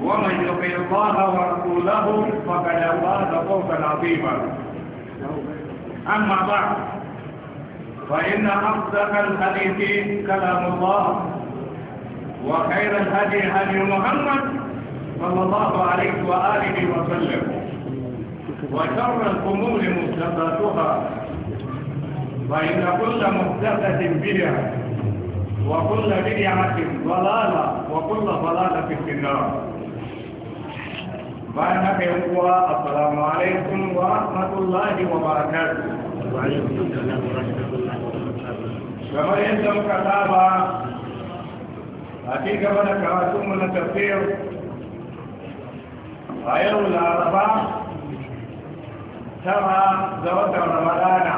ومن يطع الله ورسوله فقد فاز فوزا عظيما اما بعد فان اصدق الحديث كلام الله وخير الهدي هدي محمد صلى الله عليه واله وسلم وشر الامور محدثاتها فان كل محدثه بدعه وكل بدعه ضلاله وكل ضلاله في النار bayan haka yan uwa assalamu alaikum wa rahmatullahi wa barakatuh kamar yadda muka saba a ci gaba da na tafiyar a yau laraba tara ga watan ramadana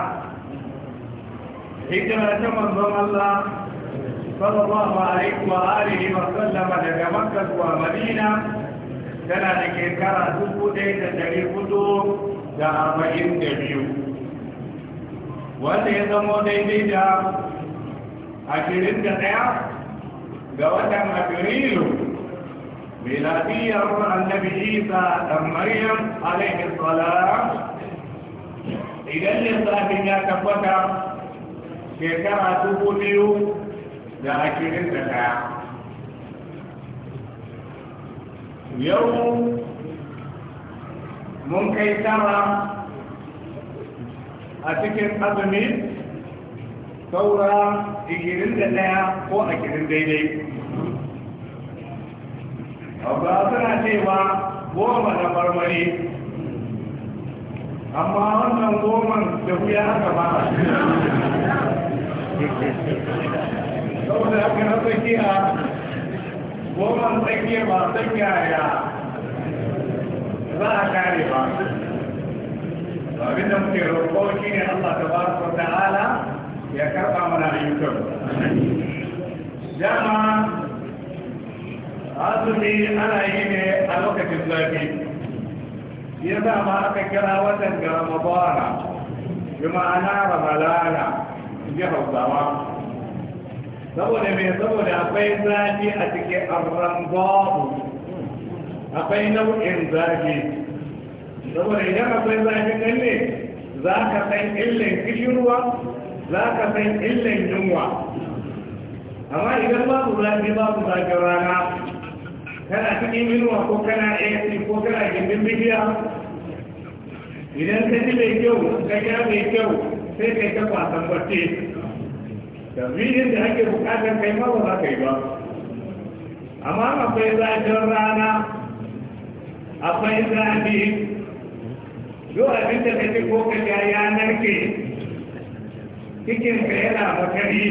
hijira ta manzon Allah sallallahu alaihi wa alihi wa sallama daga Makka zuwa Madina tana da shekara dubu ɗaya da ɗari hudu da arba'in da biyu wanda ya zamo daidai da ashirin da ɗaya ga watan afrilu miladiyar annabi isa ɗan maryam alaihi salam idan lissafin ya tabbata shekara dubu biyu da ashirin da ɗaya yau mun kai tara a cikin azumi saura 21 ko a 20 daidai ba suna cewa goma na marmari amma wannan goman da wuya aka ba saboda aka rasa kiya goman tsakiya ba san yaya za a kare ba abin da muke roƙo shi ne Allah ta ba su ta'ala ya karɓa mana ayyukan dama azumi ana yi ne a lokacin zafi ya ma aka kira watan da mabara bi ma'ana ramalana ji zama. saboda mai saboda akwai zafi a cikin arrambabu akwai nau'in zafi saboda idan akwai zafi kalle za ka san illan kishirwa za ka san illin yunwa amma idan babu zafi babu zafi rana kana cikin yunwa ko kana ac ko kana gindin bibiya idan ka ji mai kyau ka gya mai kyau sai kai ta kwasan bacci tafiyar da ake bukatar kai ma ba za ka yi ba amma akwai zafin rana akwai zafi yau abin da kake ko ka ga yanar ke cikin ka yana makari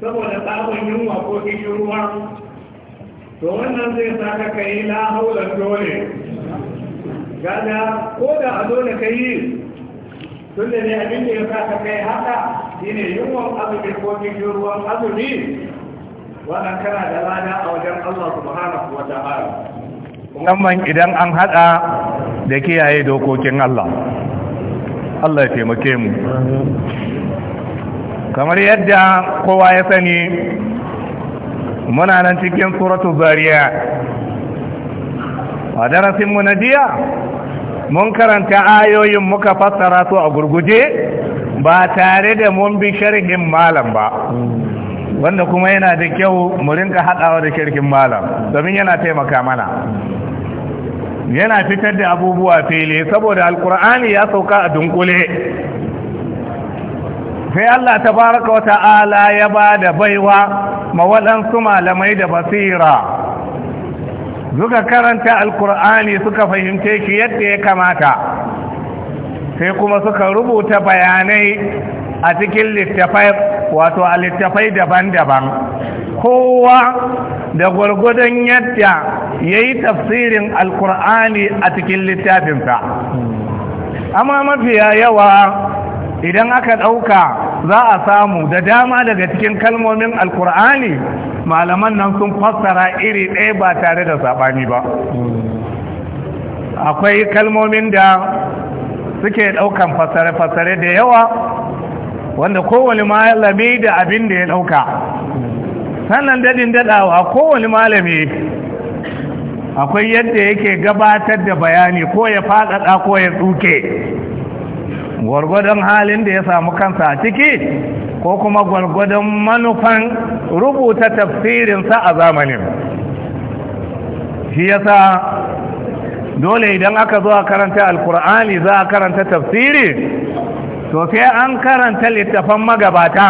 saboda tsabon yunwa ko cikin ruwa to wannan zai sa ka kai la dole gada ko da a dole ka yi tun da ne abin da ya sa ka kai haka shine yunwan azumi ko cikin ruwan azumi wannan kana da lada a wajen Allah subhanahu wa ta'ala musamman idan an hada da kiyaye dokokin Allah Allah ya taimake mu kamar yadda kowa ya sani muna nan cikin suratu zariya a darasin mu na jiya mun karanta ayoyin muka fassara su a gurguje ba tare da mun bi sharhin malam ba wanda kuma yana da kyau mu rinka haɗawa da sharhin malam domin yana taimaka mana yana fitar da abubuwa fili saboda alkur'ani ya sauka a dunkule sai Allah ta baraka wata ala ya ba da baiwa ma waɗansu malamai da basira suka karanta alkur'ani suka fahimce shi yadda ya kamata sai kuma suka rubuta bayanai a cikin littafai wato a littafai daban-daban kowa da gwargwadon yadda ya yi tafsirin alkur'ani a cikin littafinsa amma mafiya yawa idan aka ɗauka za a samu da dama daga cikin kalmomin alkur'ani malaman nan sun fassara iri ɗaya ba tare da saɓani ba akwai kalmomin da suke ɗaukan fasare-fasare da yawa wanda kowane malami da abin da ya ɗauka sannan dadin dadawa kowane malami akwai yadda yake gabatar da bayani ko ya faɗaɗa ko ya tsuke gwargwadon halin da ya samu kansa a ciki ko kuma gwargwadon manufan rubuta tafsirinsa a zamanin shi yasa dole idan aka zo a karanta alkur'ani za a karanta tafsiri to sai an karanta littafan magabata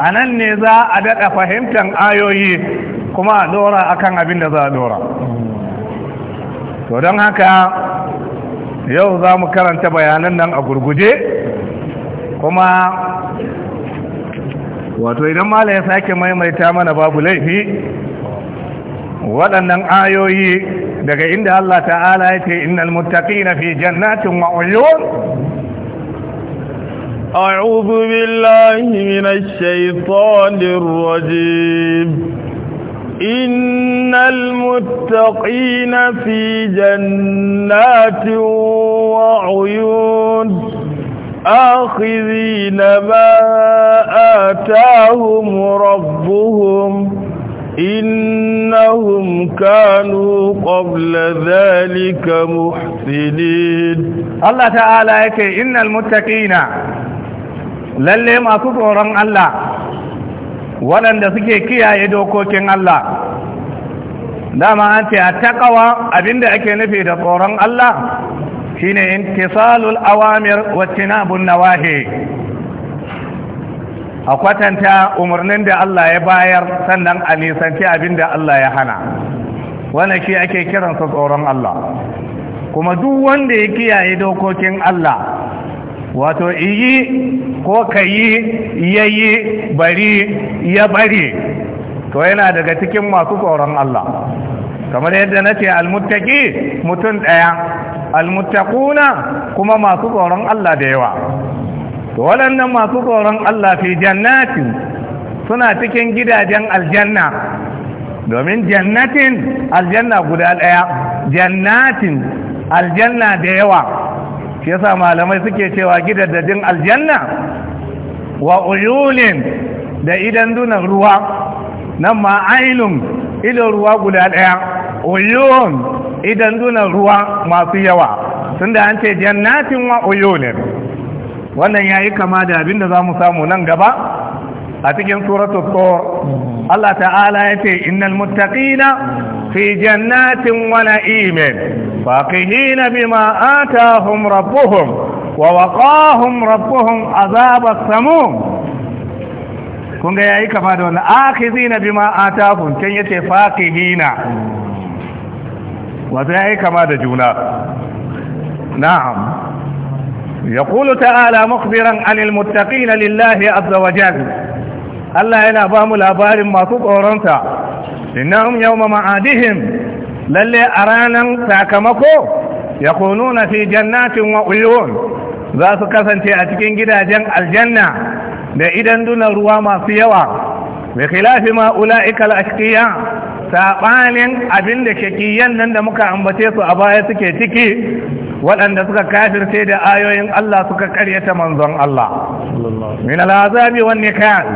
a nan ne za a daɗa fahimtar ayoyi kuma a dora akan abin da za a dora to don haka yau za mu karanta bayanan nan a gurguje kuma wato idan mala ya sake maimaita mana babu laifi waɗannan ayoyi daga inda Allah ta'ala ya ce innal muttaqina fi jannatin wa uyun a'udhu billahi minash shaitanir rajim innal muttaqina fi jannatin wa uyun آخذين ما آتاهم ربهم إنهم كانوا قبل ذلك محسنين الله تعالى يكي إن المتقين للي ما تطورن الله ولن دسكي كيا يدوكوكين الله داما أنت أتقوى أبين دعك نفي تطورن الله هنا انتصال الأوامر واتناب النواهي a kwatanta umarnin da Allah ya bayar sannan a nisanci abin da Allah ya hana wane shi ake kiransa tsoron Allah kuma duk wanda ya kiyaye dokokin Allah wato iyi ko ka kayi yayi bari ya bari to yana daga cikin masu tsoron Allah kamar yadda na ce almuttaki mutum ɗaya almuttakuna kuma masu tsoron Allah da yawa to waɗannan masu tsoron Allah fi jannatin suna cikin gidajen aljanna domin jannatin aljanna guda ɗaya jannatin aljanna da yawa shi yasa malamai suke cewa gidajen aljanna wa uyulin da idan dunan ruwa nan ma ainun idan ruwa guda ɗaya uyun idan dunan ruwa masu yawa da an ce jannatin wa uyulin wannan ya yi kama da abin da mu samu nan gaba a cikin suratul tur Allah ta'ala ya yace innal muttaqina fi jannatin wa na'imin faqihina bima atahum rabbuhum wa waqahum rabbuhum a as samu. kun ga yi kama da wannan akhizina bima ya ce yace faqihina wato ya yi kama da juna na'am يقول تعالى مخبرا عن المتقين لله عز وجل الله ينا بام الأبار ما تطورنت إنهم يوم معادهم للي أرانا ساكمكو يكونون في جنات وعيون ذات كثن تأتكين جدا جن الجنة لإذن دون الرواما سيوا بخلاف ما أولئك الأشقياء saɓanin abin da shakiyan nan da muka ambace su a baya suke ciki waɗanda suka kafirce da ayoyin Allah suka karyata manzon Allah min al'azabi wanne kayan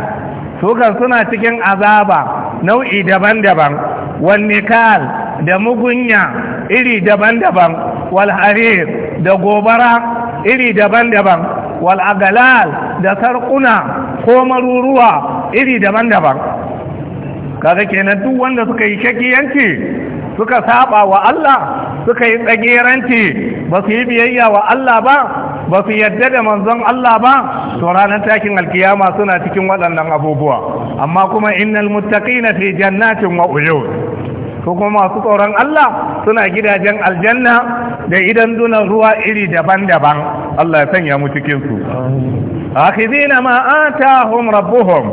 sukan suna cikin azaba nau'i daban-daban wanne kal da mugunya iri daban-daban wal da gobara iri daban-daban wal da sarƙuna ko maruruwa iri daban-daban kaga kenan duk wanda suka yi shakiyanci suka saba wa Allah suka yi tsageranci ba su yi biyayya wa Allah ba ba su yadda da manzon Allah ba to ranar takin alkiyama suna cikin waɗannan abubuwa amma kuma innal muttaqina fi jannatin wa uyun ko kuma masu tsoron Allah suna gidajen aljanna da idan dunan ruwa iri daban-daban Allah ya sanya mu cikin su akhizina ma atahum rabbuhum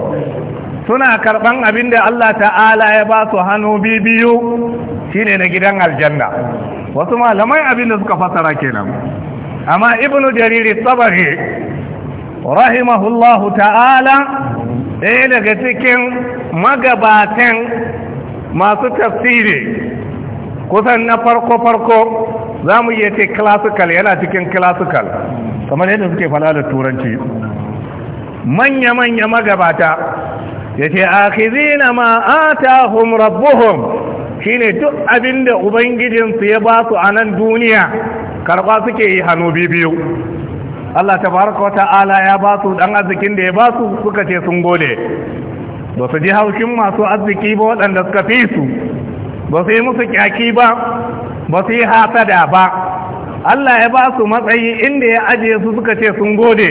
suna karban abinda Allah ta'ala ya ba su hannu bibiyu shine na gidan aljanna wasu malamai abin da suka fasara kenan amma ibnu jariri tabari rahimahullahu ta'ala ɗaya daga cikin magabatan masu tafsiri kusan na farko-farko za mu iya ce classical yana cikin classical kamar yadda suke fana da turanci manya-manya magabata ya ce akizina ma atahum rabbuhum shine duk abin da ubangijinsu ya ba su a nan duniya karɓa suke yi hannu biyu Allah ta baraka ta'ala ya ba su dan arzikin da ya ba su suka ce sun gode ba su ji haushin masu arziki ba waɗanda suka fi su ba su yi musu kyaki ba ba su yi hasada ba Allah ya ba su matsayi inda ya ajiye su suka ce sun gode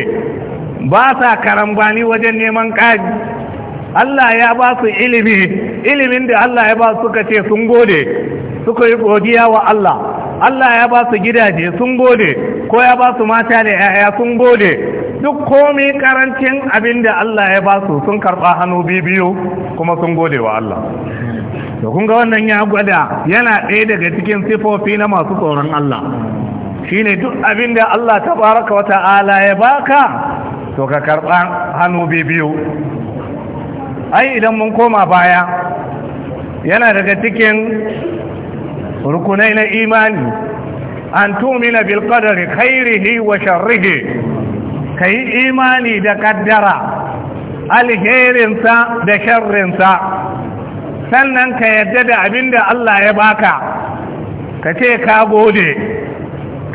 ba sa karambani wajen neman ƙaji Allah ya ba su ilimi ilimin da Allah ya ba su suka ce sun gode suka yi godiya wa Allah Allah ya ba su gidaje sun gode ko ya ba su mata da 'ya'ya sun gode duk komai karancin abin da Allah ya ba su sun karɓa hannu biyu kuma sun gode wa Allah da kun ga wannan ya gwada yana ɗaya daga cikin sifofi na masu tsoron Allah shine duk abin da Allah tabaraka wa ta'ala ya baka to ka karɓa hannu biyu ai idan mun koma baya yana daga cikin rukunai na imani an tumina na qadari khairihi wa sharrihi yi imani da kaddara alherinsa da sharrinsa sannan ka yadda da abinda Allah ya baka ka ce ka gode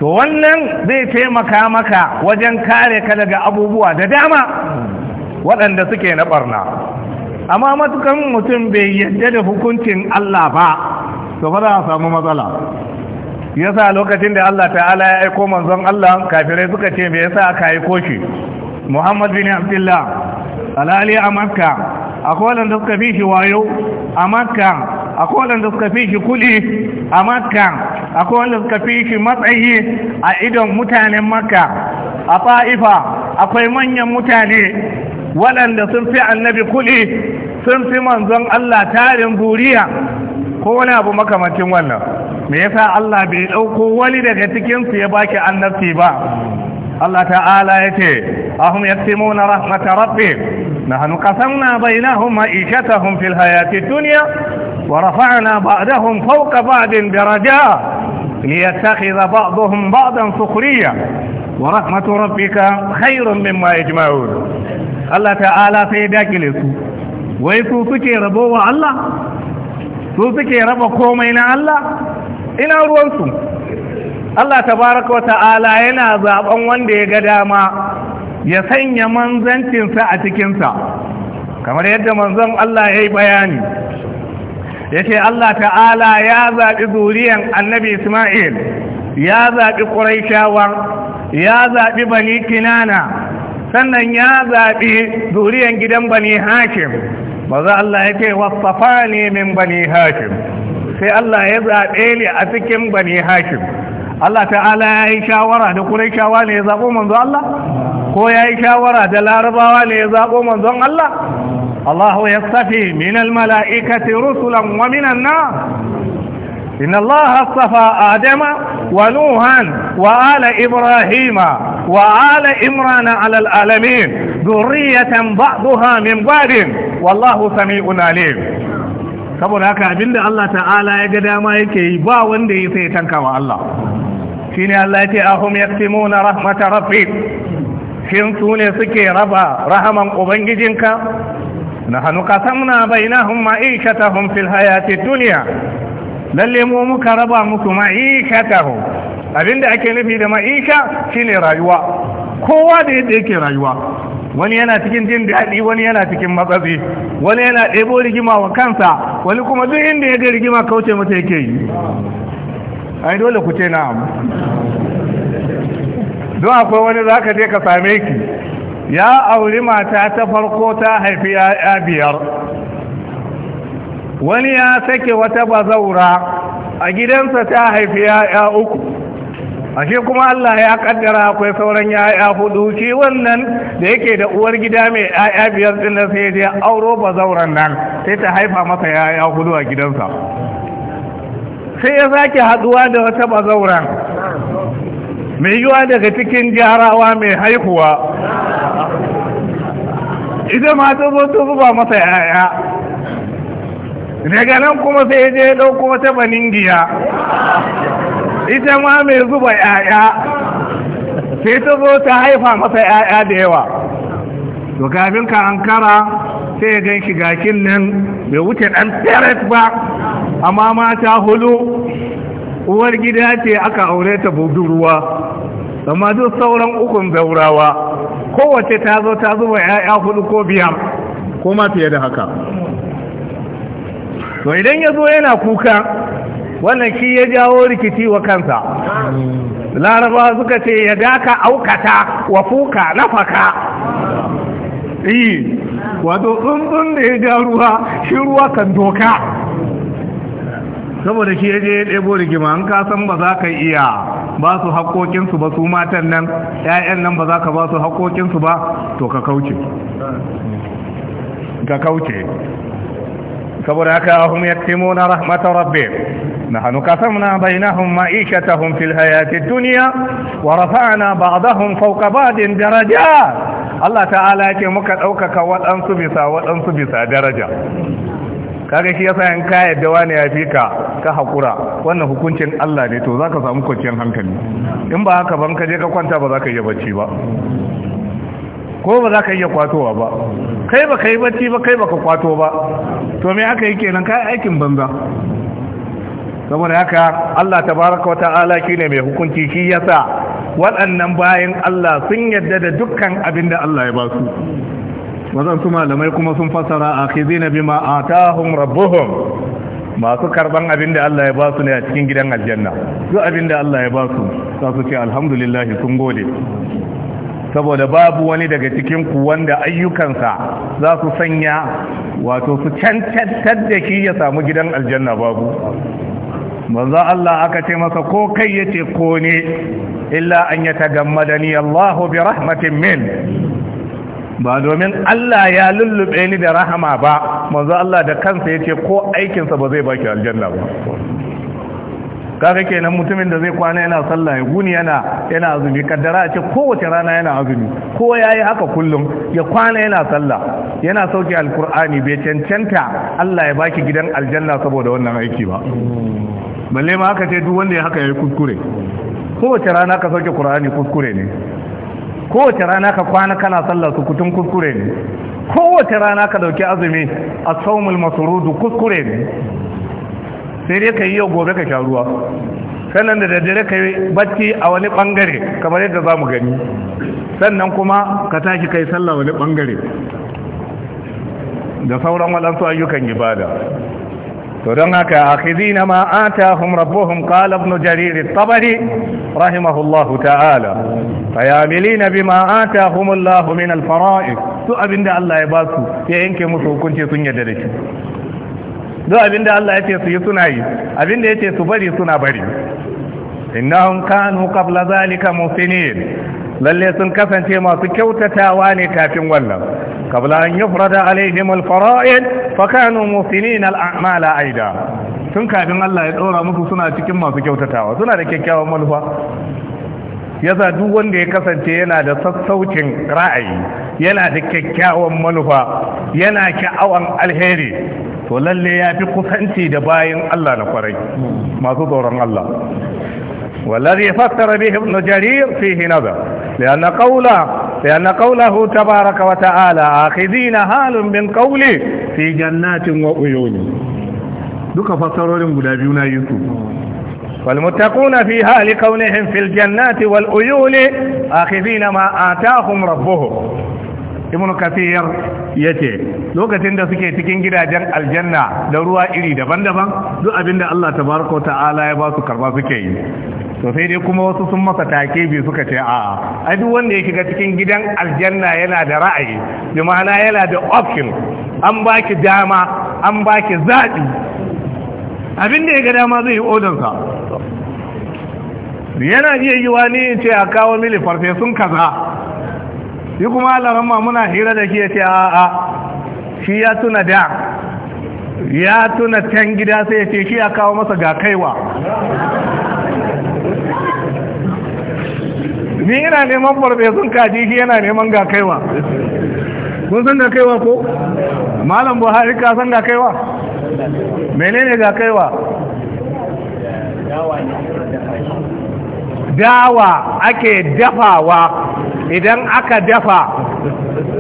to wannan zai taimaka maka wajen kare ka daga abubuwa da dama waɗanda suke na ɓarna amma matukan mutum bai yadda da hukuncin Allah ba to fa a samu matsala yasa lokacin da Allah ta'ala ya aiko manzon Allah kafirai suka ce me yasa aka aiko shi Muhammad bin Abdullah alali a Makka akwai wanda suka fi shi wayo a Makka akwai wanda suka fi shi kuli a Makka akwai wanda suka fi shi matsayi a idon mutanen Makka a Fa'ifa akwai manyan mutane waɗanda sun fi annabi kuɗi sun fi manzon Allah tarin buriya ko wani abu makamancin wannan me yasa Allah bai ɗauko wani daga cikinsu ya baki annabci ba Allah ta'ala ya ce ahum yaktimuna rahmata rabbih nahnu qasamna bainahum ma'ishatahum fil hayati dunya wa rafa'na ba'dahum fawqa ba'din darajat ليتخذ بعضهم بعضا سخريا ورحمة ربك خير مما يجمعون Allah ta'ala sai ya dakile su wai su suke rabo wa Allah su suke raba komai na Allah ina ruwansu Allah tabaraka wa ta'ala yana zaben wanda ya ga dama ya sanya manzancinsa a cikinsa kamar yadda manzon Allah ya yi bayani ya ce Allah ta'ala ya zaɓi zuriyan annabi Ismail ya zaɓi ƙuraishawa ya zaɓi bani kinana sannan ya zaɓi zuriyan gidan bani hakim maza Allah ya ce wasafa ne min bani hakim sai Allah ya zaɓe ni a cikin bani hakim Allah ta'ala ya yi shawara da kurai shawa ne ya zaɓo manzo Allah ko ya yi shawara da larabawa ne ya zaɓo manzon Allah Allah ya safi min al-mala'ikati rusulan wa minan na إن الله اصطفى آدم ونوحا وآل إبراهيم وآل إمران على العالمين ذرية بعضها من بعض والله سميع عليم saboda haka abinda Allah ta'ala ya ga dama yake yi ba wanda ya sai tanka wa Allah shine Allah ya ce ahum yaktimuna rahmat rabbik shin su ne suke raba rahaman ubangijinka nahnu qasamna bainahum ma'ishatahum fil hayati dunya lalle mu muka raba muku ma'ikatahu abinda ake nufi da ma'ika shine rayuwa kowa da yadda yake rayuwa wani yana cikin jin daɗi wani yana cikin matsatsi wani yana ɗebo rigima wa kansa wani kuma duk inda ya ga rigima kauce mata yake yi ai dole ku ce na'am don akwai wani za ka je ka same ki ya auri mata ta farko ta haifi ya biyar wani ya sake wata bazaura a gidansa ta haifi ya'ya uku a shi kuma Allah ya kaddara akwai sauran ya'ya hudu shi wannan da yake da uwar gida mai ya'ya biyar din da sai ya auro bazauran nan sai ta haifa masa ya'ya hudu a gidansa sai ya sake haduwa da wata bazauran mai yiwa daga cikin jarawa mai haihuwa ita ma ta zo ta zuba masa ya'ya daga nan kuma sai ya je ya ɗauko wata baningiya ita ma mai zuba 'ya'ya sai ta zo ta haifa masa 'ya'ya da yawa to kafin ka ankara sai ya gan shigakin nan bai wuce ɗan peret ba amma mata hulu uwar gida ce aka aure ta budurwa amma duk sauran ukun zaurawa kowace ta zo ta zuba 'ya'ya huɗu ko biyar ko ma fiye da haka to idan ya zo yana kuka wannan shi ya jawo rikici wa kansa laraba suka ce ya daka aukata wa fuka nafaka yi wato tsuntsun da ya ja ruwa shi ruwa kan doka saboda shi ya je ya ɗebo rigima an kasan ba za ka iya ba su haƙoƙinsu ba su matan nan 'ya'yan nan ba za ka ba su haƙoƙinsu ba to ka kauce ka kauce saboda haka hum yaktimuna rahmatar rabbih nahnu qasamna bainahum ma'ishatahum fil hayatid dunya wa rafa'na ba'dahum fawqa ba'din daraja. Allah ta'ala yake muka daukaka wadansu bisa wadansu bisa daraja kaga shi yasa in ka yadda wani ya fi ka ka hakura wannan hukuncin Allah ne to zaka samu kwanciyar hankali in ba haka ban ka je ka kwanta ba zaka yi bacci ba ko ba za ka iya kwatowa ba kai ba ka yi bacci ba kai ba ka kwato ba to me aka yi kenan kai aikin banza saboda haka Allah tabaraka wata'ala shine mai hukunci shi yasa waɗannan bayan Allah sun yadda da dukkan abin da Allah ya ba su su malamai kuma sun fasara a bima atahum rabbuhum masu karban abin da Allah ya ba su ne a cikin gidan aljanna duk abin da Allah ya ba su za su ce alhamdulillah sun gode saboda babu wani daga cikinku wanda ayyukansa za su sanya wato su cancantar da shi ya samu gidan aljanna babu manzo Allah aka ce masa ko kai yace ko ne illa an yatagammadani Allahu bi rahmatin min ba domin Allah ya lullube ni da rahama ba manzo Allah da kansa yace ko aikinsa ba zai baki aljanna ba kaga kenan mutumin da zai kwana yana sallah ya guni yana yana azumi kaddara a ce kowace rana yana azumi ko yayi haka kullum ya kwana yana sallah yana sauke alkur'ani bai cancanta Allah ya baki gidan aljanna saboda wannan aiki ba balle ma haka ce duk wanda ya haka yayi kuskure kowace rana ka sauke qur'ani kuskure ne kowace rana ka kwana kana sallah su kutun kuskure ne kowace rana ka dauki azumi a sawmul masrud kuskure ne sai dai ka yi yau gobe ka sha ruwa sannan da daddare ka yi bacci a wani bangare kamar yadda za mu gani sannan kuma ka tashi kai sallah wani bangare da sauran waɗansu ayyukan ibada to don haka na ma atahum rabbuhum qala ibn jarir at-tabari rahimahullahu ta'ala fayamilina bima atahum Allah min al-fara'id to abinda Allah ya basu sai yanke musu hukunci sun yadda da shi duk abinda Allah ya ce su yi suna yi abinda ya ce su bari suna bari innahum kanu qabla zalika musinin lalle sun kasance masu kyautatawa ne kafin wannan qabla an yufrada alaihim alfara'id fa kanu musinin al'amala aida tun kafin Allah ya dora musu suna cikin masu kyautatawa suna da kyakkyawan manufa yasa duk wanda ya kasance yana da sassaucin ra'ayi yana da kyakkyawan manufa yana sha'awan alheri to lalle ya fi kusanci da bayan Allah na kwarai masu tsoron Allah والذي فسر به ابن جرير فيه نظر لأن قوله لأن قوله تبارك وتعالى آخذين حال من قولي في جنات وعيون duka fassarorin guda biyu na yi su والمتقون في حال كونهم في الجنات والعيون آخذين ما آتاهم ربهم ibn kathir ya ce lokacin da suke cikin gidajen aljanna da ruwa iri daban-daban duk abinda Allah tabaraka ta'ala ya ba su karba suke yi to sai dai kuma wasu sun masa take bi suka ce a'a ai duk wanda ya shiga cikin gidan aljanna yana da ra'ayi bi ma'ana yana da option an baki dama an baki Abin abinda ya ga dama zai yi odansa yana iya yi wani ce a kawo mili farfesun kaza shi kuma alaramma muna hira da shi ya ce a'a shi ya tuna da ya tuna can gida sai ya ce shi ya kawo masa ga kaiwa ni ina neman farfesun kaji shi yana neman ga kaiwa kun san ga kaiwa ko malam buhari ka san ga kaiwa menene ga kaiwa dawa ake dafawa idan aka dafa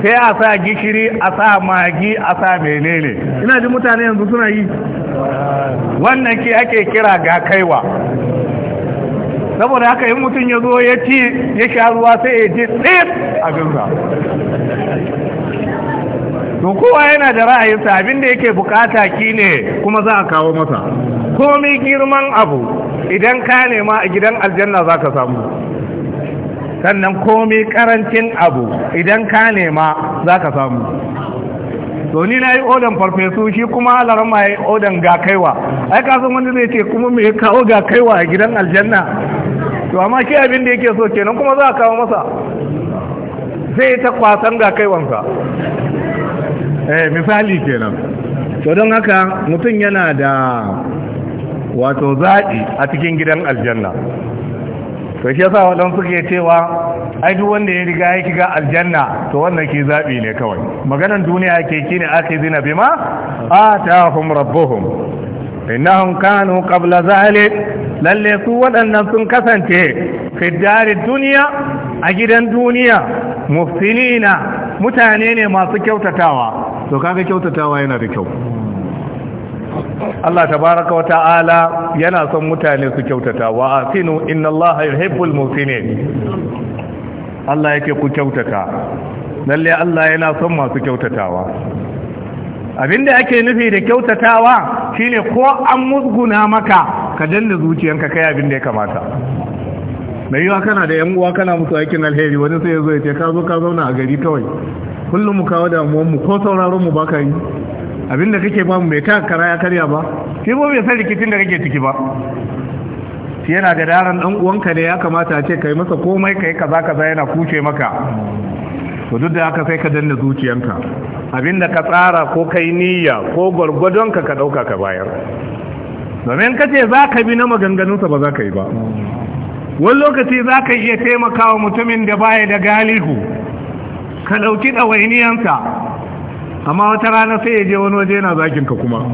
sai a sa gishiri a sa magi a sa menene ina ji mutane yanzu suna yi wannan ki ake kira ga kaiwa saboda haka yin mutum ya zo ya ci ya sha ruwa sai ya ji tsip a to kowa yana da ra'ayinsa da yake bukata ki ne kuma za a kawo masa komi girman abu idan ka nema a gidan aljanna za ka samu sannan komai karancin abu idan ka nema za ka samu to ni na yi odan farfesu shi kuma larama ya yi odan ga kaiwa ai kasan wani zai ce kuma mai kawo ga kaiwa a gidan aljanna to amma shi abin da yake so kenan kuma za a kawo masa zai ta kwasan ga kaiwansa eh misali kenan to don haka mutum yana da wato zaɗi a cikin gidan aljanna to shi yasa wadan suke cewa ai duk wanda ya riga ya shiga aljanna to wannan ke zabi ne kawai maganan duniya ke kine ake zina bima atahum rabbuhum innahum kanu qabla zalik lalle su wadannan sun kasance fi dari duniya a gidan duniya mufsinina mutane ne masu kyautatawa to kaga kyautatawa yana da kyau Allah tabaraka wa ta'ala yana son mutane su kyautata wa asinu inna Allah yuhibbul muhsinin Allah yake ku kyautata lalle Allah yana son masu kyautatawa abinda ake nufi da kyautatawa shine ko an musguna maka ka danna zuciyanka kai abinda ya kamata mai yiwa kana da yan uwa kana musu aikin alheri wani sai ya zo ya ce ka zo ka zauna a gari kawai kullum mu kawo damuwan mu ko sauraron mu baka yi abinda kake bamu mu bai ta kara ya karya ba ke ba bai san rikicin da kake ciki ba shi yana da daren dan uwanka ne ya kamata a ce yi masa komai kai kaza kaza yana kuce maka to duk da haka sai ka danna zuciyanka abinda ka tsara ko kai niyya ko gwargwadonka ka ɗauka ka bayar domin ka ce za ka bi na maganganunsa ba za ka yi ba wani lokaci za ka iya taimakawa mutumin da baya da galihu ka ɗauki ɗawainiyansa amma wata rana sai ya je wani waje yana zakin kuma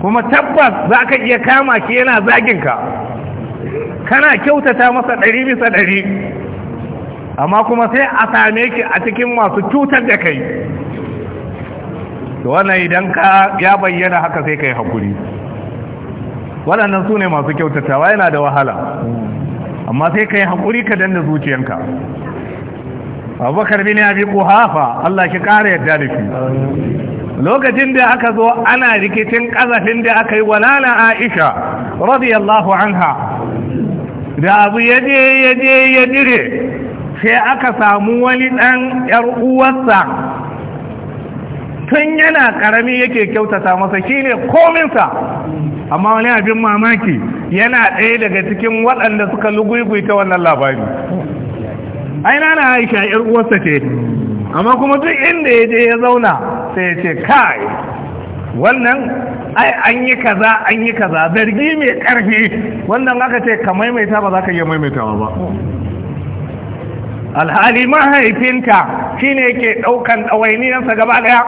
kuma tabbas za ka iya kama ki yana zagin ka kana kyautata masa ɗari bisa ɗari amma kuma sai a same ki a cikin masu cutar da kai wannan idan ka ya bayyana haka sai ka yi haƙuri waɗannan su ne masu kyautatawa yana da wahala amma sai ka yi hakuri ka danna zuciyanka abubakar bin bi kuhafa Allah ki kara yadda da lokacin da aka zo ana rikicin ƙazafin da aka yi wa walala aisha radiyallahu anha da abu yaje yaje ya dire sai aka samu wani ɗan yar uwarsa tun yana ƙarami yake kyautata masa shine kominsa amma wani abin mamaki yana ɗaya daga cikin waɗanda suka luguguita wannan labari Aina na aisha yar uwarsa ce amma kuma duk inda ya je ya zauna sai ya ce kai wannan ai an yi kaza an yi kaza zargi mai karfi wannan aka ce ka maimaita ba za ka iya maimaitawa ba alhali mahaifinka ne ke ɗaukan ɗawainiyarsa gaba daya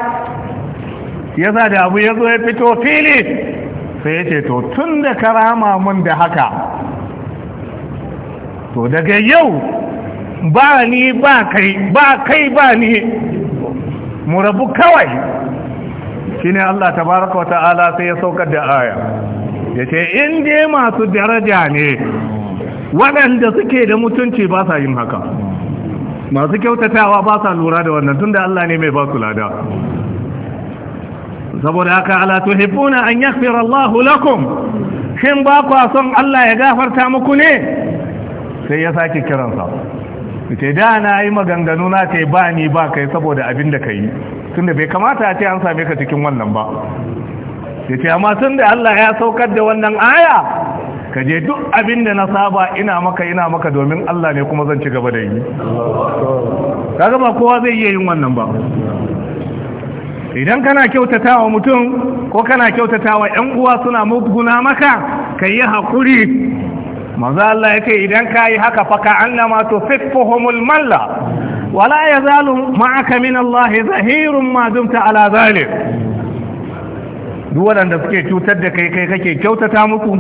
ya sa da abu ya zo ya fito fili sai ya ce to tun da karama mun da haka to daga yau ba ni ba kai ba kai ba ni mu rabu kawai shine Allah tabaraka ta'ala sai ya saukar da aya yace in dai masu daraja ne waɗanda suke da mutunci ba sa yin haka masu kyautatawa ba sa lura da wannan tunda Allah ne mai ba su lada saboda haka ala tuhibbuna an yaghfira Allah lakum shin ba ku son Allah ya gafarta muku ne sai ya sake kiransa ce da na yi maganganu na ce ba ni ba kai saboda abin da ka yi tunda bai kamata a ce an same ka cikin wannan ba ya ce amma tun da Allah ya saukar da wannan aya ka je duk abin da na saba ina maka ina maka domin Allah ne kuma zan ci gaba da yi kaga ba kowa zai iya yin wannan ba idan kana kyautata wa mutum ko kana kyautata wa ‘yan uwa suna muguna maka ka yi haƙuri manzo Allah yake idan kai haka faka ka to tufifuhumul malla wala yazalu ma'aka min Allah zahirun ma dumta ala zalik duk suke cutar da kai kai kake kyautata musu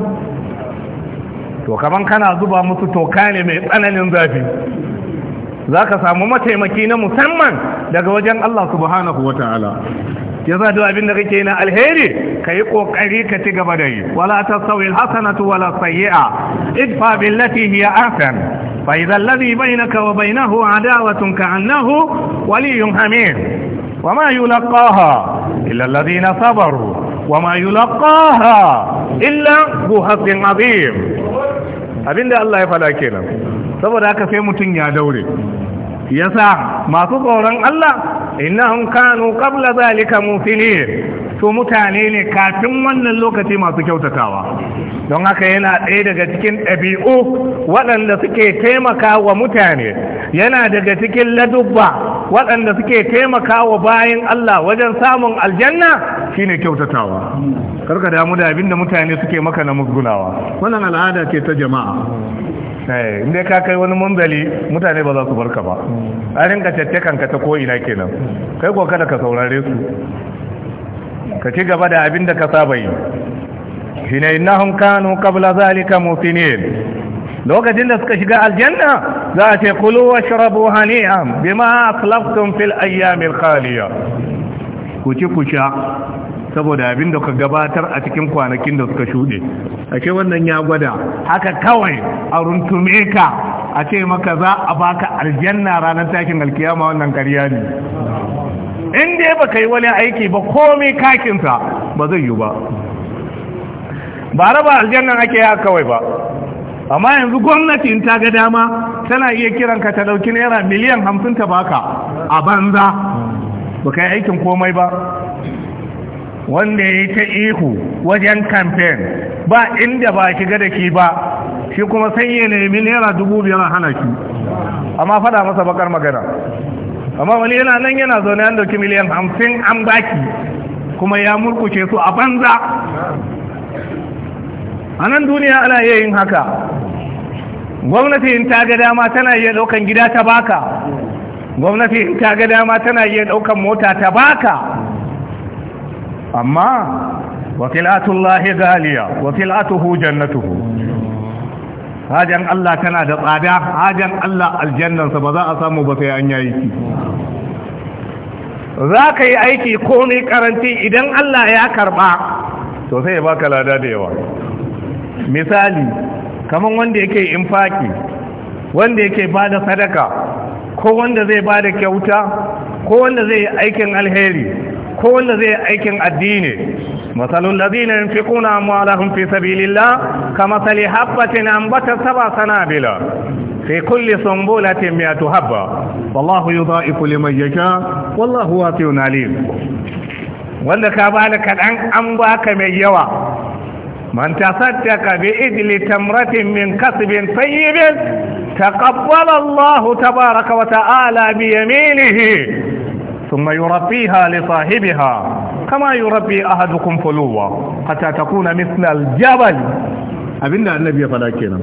to kaman kana zuba musu toka ne mai tsananin zafi za ka samu mataimaki na musamman daga wajen Allah subhanahu wa ya sa duk abin da kake na alheri ka yi ƙoƙari ka ci gaba da yi wala ta sauyi hasanatu wala sayyi'a idfa billati hiya ahsan fa idza alladhi bainaka wa bainahu adawatun ka'annahu waliyyun hamim wa ma yulqaha illa alladhina sabaru wa ma yulqaha illa hu hazzin azim abinda Allah ya fada kenan saboda haka sai mutun ya daure yasa masu tsoron Allah innahum kanu qabla zalika mufilin to mutane ne kafin wannan lokaci masu kyautatawa don haka yana ɗaya daga cikin ɗabi'u waɗanda suke taimaka wa mutane yana daga cikin ladubba waɗanda suke taimaka wa bayan Allah wajen samun aljanna shine kyautatawa karka damu da abin da mutane suke maka na musgunawa wannan al'ada ce ta jama'a Eh, inda ka kai wani munzali mutane ba za su barka ba hmm. a rinka cancakan ka ta ko'ina kenan hmm. kai ko kada ka saurare su ka ci gaba da abin da ka saba yi shi ne kanu kabla zalika mufinin lokacin da suka shiga aljanna za a ce kulu wa shirabu hani'am bima aslaftum fil ayyamil khaliya ku ci ku sha saboda abin da ka gabatar a cikin kwanakin da suka shuɗe ce wannan ya gwada haka kawai a runtume ka a ce maka za a baka aljanna ranar takin alkiyama wannan ƙarya ne in dai baka yi wani aiki ba komai kakinsa ba zai yi ba ba raba aljannan ake ya kawai ba amma yanzu gwamnati in ta ga dama tana iya kiranka ta dauki naira miliyan hamsin ta baka a banza ba yi aikin komai ba wanda ya yi ta ihu wajen kamfen ba inda ba shiga da ki ba shi kuma sanye ne miliyara naira dubu biyar hana shi amma fada masa bakar magana amma wani yana nan yana zaune an dauki miliyan hamsin an baki kuma ya murkuce su a banza a nan duniya ana iya yin haka gwamnati ta ga dama tana iya daukan gida ta baka gwamnati ta ga dama tana iya daukan mota ta baka amma wa filatullahi galiya wa jannatuhu hajan Allah tana da tsada hajan Allah aljannansa ba za a samu ba sai an yi aiki za ka yi aiki komai karanti idan Allah ya karba to sai ya lada da yawa misali kaman wanda yake infaki wanda yake bada sadaka ko wanda zai bada kyauta ko wanda zai yi aikin alheri ko wanda zai aikin addini masalul ladina yunfiquna amwalahum fi sabilillah kama sali habatin ambata saba sanabila fi kulli sunbulatin mi'atu habba wallahu yudha'ifu mai yasha wallahu wasi'un alim wanda ka ba bada kaɗan an baka mai yawa man ka bi idli tamratin min kasbin tayyibin taqabbala Allahu tabaaraka wa ta'ala bi yaminihi ثم يربيها لصاحبها كما يربي أحدكم فلوة حتى تكون مثل الجبل abinda annabi ya kenan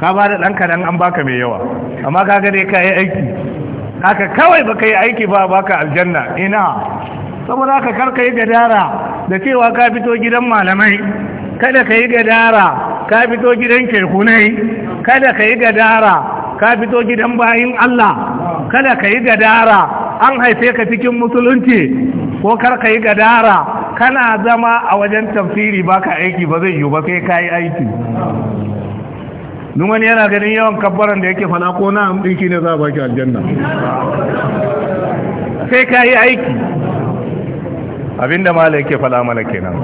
ka ba da ɗanka dan an baka mai yawa amma ka gare ka yi aiki haka kawai baka yi aiki ba baka aljanna ina saboda haka karka yi gadara da cewa ka fito gidan malamai kada ka yi gadara ka fito gidan kekunai kada ka yi gadara ka fito gidan bayin Allah kada ka yi gadara an haife ka cikin musulunci ko kar ka yi gadara kana zama a wajen tafsiri ba ka aiki ba zai yi ba sai ka yi aiki numan yana ganin yawan kabbaran da yake fana ko na ɗinki ne za a baki aljanna sai ka yi aiki abinda mala yake fala mana kenan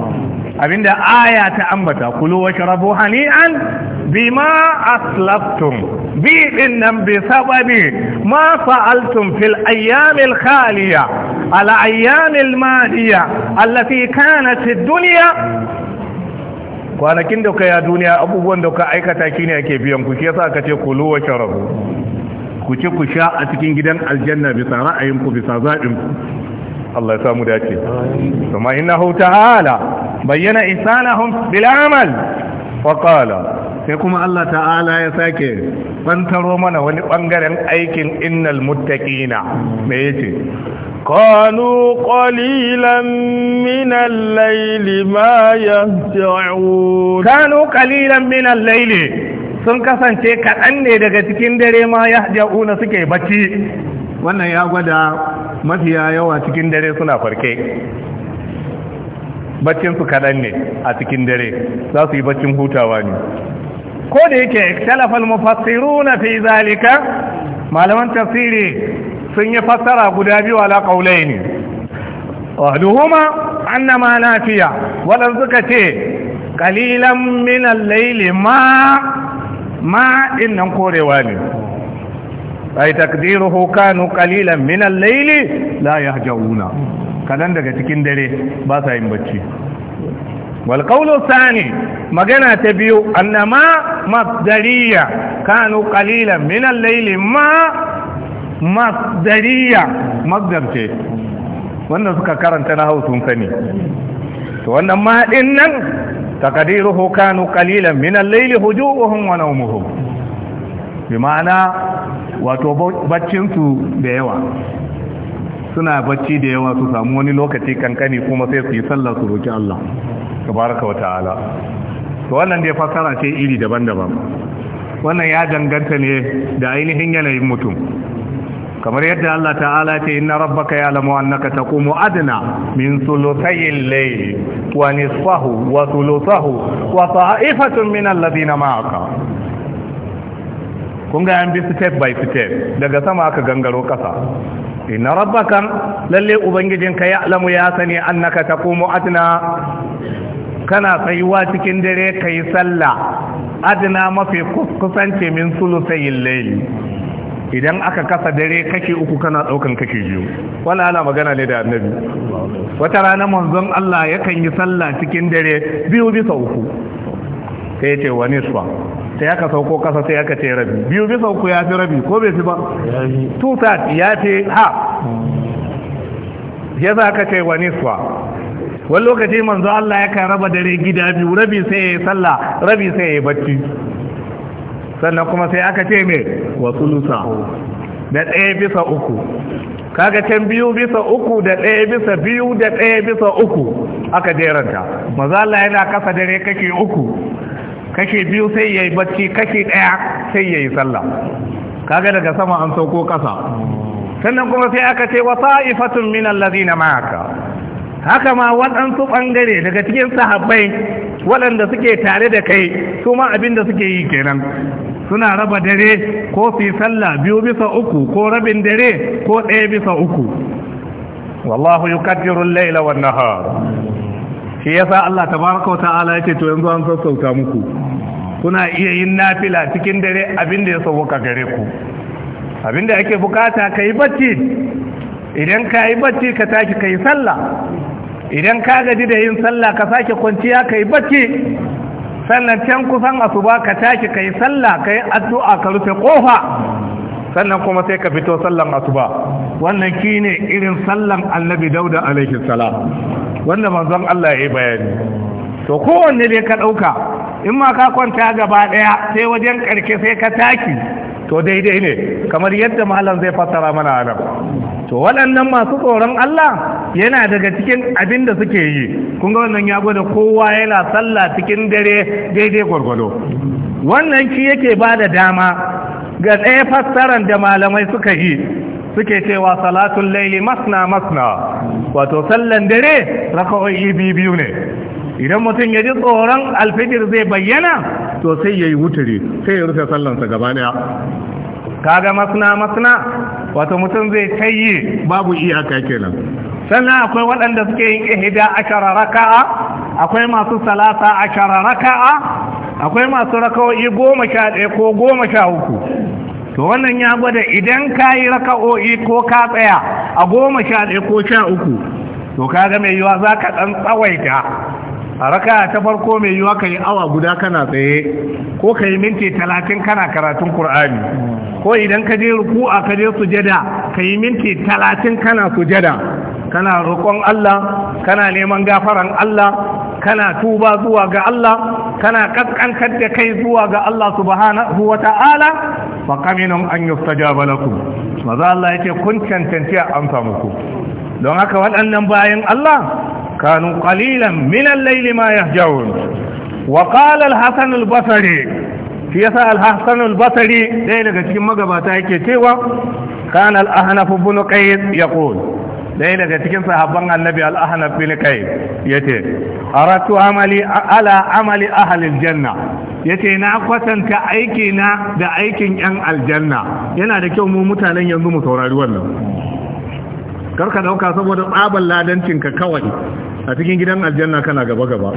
abinda aya ta ambata kulu wa sharabu hani'an bima aslaftum bi din nan bi sababi ma fa'altum fil ayyamil khaliya al ayyamil madiya allati kanat ad-dunya kwanakin da kai a duniya abubuwan da ka aikata shine ake biyan ku shi yasa ka ce kulu wa sharabu ku ci ku sha a cikin gidan aljanna bisa ra'ayinku bisa zaɓinku Allah ya samu dace kuma innahu ta'ala bayyana ihsanahum bil amal wa qala sai kuma Allah ta'ala ya sake bantaro mana wani bangaren aikin innal muttaqina me yace kanu qalilan min al-layli ma yahja'un kanu qalilan min al-layli sun kasance kaɗan ne daga cikin dare ma yahja'una suke bacci wannan ya gwada mafiya yawa cikin dare suna farke baccin su kaɗan ne a cikin dare za su yi baccin hutawa ne ko da yake iktalafal mufassiruna fi zalika malaman tafsiri sun yi fassara guda biyu ala qaulaini wahduhuma anna ma lafiya wadan suka ce qalilan min al-layli ma ma innan korewa ne ai takdiruhu kanu qalilan min al-layli la yahjauna kadan daga cikin dare ba sa yin bacci wal qawlu thani magana ta biyu annama masdariya kanu qalilan min al-layli ma masdariya masdar ce Wannan suka karanta na hausun sani to wannan ma din nan takadiruhu kanu qalilan min al-layli hujuhum wa nawmuhum bi ma'ana wato baccinsu da yawa suna bacci da yawa su samu wani lokaci kankani kuma sai su yi sallah su roki Allah tabaraka wata'ala to wannan dai fasara ce iri daban-daban wannan ya danganta ne da ainihin yanayin mutum kamar yadda Allah ta'ala ce inna rabbaka ya'lamu annaka taqumu adna min thuluthayil layl wa nisfahu wa thuluthahu wa ta'ifatan min alladhina ma'aka kun ga an bi step by step daga sama aka gangaro kasa inna rabbaka lalle ubangijinka ya alamu ya sani annaka taqumu adna kana tsayuwa cikin dare kai sallah adna mafi kusance min sulusayil layl idan aka kasa dare kake uku kana daukan kake biyu wala ala magana ne da annabi wata rana manzon Allah yakan yi sallah cikin dare biyu bisa uku sai ya ce sai aka sauko kasa sai aka ce rabi biyu bisa uku ya fi rabi ko bai fi ba two ya ce ha ya za aka ce wani suwa wani lokaci manzo Allah ya kan raba dare gida biyu rabi sai ya yi sallah rabi sai ya yi bacci sannan kuma sai aka ce mai wasu lusa da ɗaya bisa uku kaga can biyu bisa uku da ɗaya bisa biyu da ɗaya bisa uku aka jeranta maza Allah yana kasa dare kake uku kashe biyu sai ya yi bacci kashe ɗaya sai ya yi sallah kaga daga sama an sauko ƙasa sannan kuma sai aka ce wata ifatun min allazina ma'aka haka ma waɗansu ɓangare daga cikin sahabbai waɗanda suke tare da kai su ma abinda suke yi kenan suna raba dare ko su yi sallah biyu bisa uku ko rabin dare ko ɗaya bisa uku wallahu yukaddiru al-laila wan-nahar shi yasa Allah tabaraka wa ta'ala yake to yanzu an sassauta muku kuna iya yin nafila cikin dare abinda ya sauka gare ku abinda ake bukata kai bacci idan ka yi bacci ka tashi ka yi sallah idan ka gaji da yin sallah ka sake kwanciya ka yi bacci sannan can kusan asuba ka taki ka yi sallah ka yi addu'a ka rufe kofa sannan kuma sai ka fito sallan asuba wannan kine irin sallan annabi dauda alaihi salam wanda manzon Allah ya yi bayani to kowanne dai ka ɗauka in ma ka kwanta gaba ɗaya sai wajen ƙarke sai ka taki to daidai ne kamar yadda malam zai fassara mana nan to waɗannan masu tsoron Allah yana daga cikin abin da suke yi kun ga wannan ya gwada kowa yana sallah cikin dare daidai gwargwado wannan shi yake ba da dama ga ɗaya fassaran da malamai suka yi suke cewa salatun laili masna masna wato sallan dare raka'o'i biyu ne idan mutum ya ji tsoron alfijir zai bayyana to sai ya yi wuturi sai ya rufe sallansa gaba ne kaga masna masna wato mutum zai tayi babu iyaka kenan sannan akwai waɗanda suke yin ihda ashara raka'a akwai masu salasa ashara raka'a akwai masu raka'o'i goma sha ɗaya ko goma sha uku to wannan ya gwada idan ka yi raka'o'i ko ka tsaya a goma sha ɗaya ko sha uku to ka ga mai yiwa za ka ɗan tsawaita a raka ta farko mai yiwa ka yi awa guda kana tsaye ko ka yi minti talatin kana karatun Kur'ani, ko idan ka je ruku'a ka je sujada ka yi minti talatin kana sujada kana roƙon Allah kana neman gafaran Allah kana tuba zuwa ga Allah kana kaskantar da kai zuwa ga Allah subhanahu wa ta'ala fa kaminun an yustajaba lakum maza Allah yake kun cancanci a amsa muku don haka waɗannan bayan Allah kanu qalilan min al-layli ma yahjaun wa qala al-hasan al-basri shi yasa al-hasan al-basri dai daga cikin magabata yake cewa kana al-ahnaf ibn qais yaqul dai daga cikin sahabban annabi al-ahnaf bin kai yace aratu amali ala amali ahli Ya yace na kwatanta aiki na da aikin yan aljanna yana da kyau mu mutanen yanzu mu saurari wannan karka dauka saboda tsaban ladancinka kawai a cikin gidan aljanna kana gaba-gaba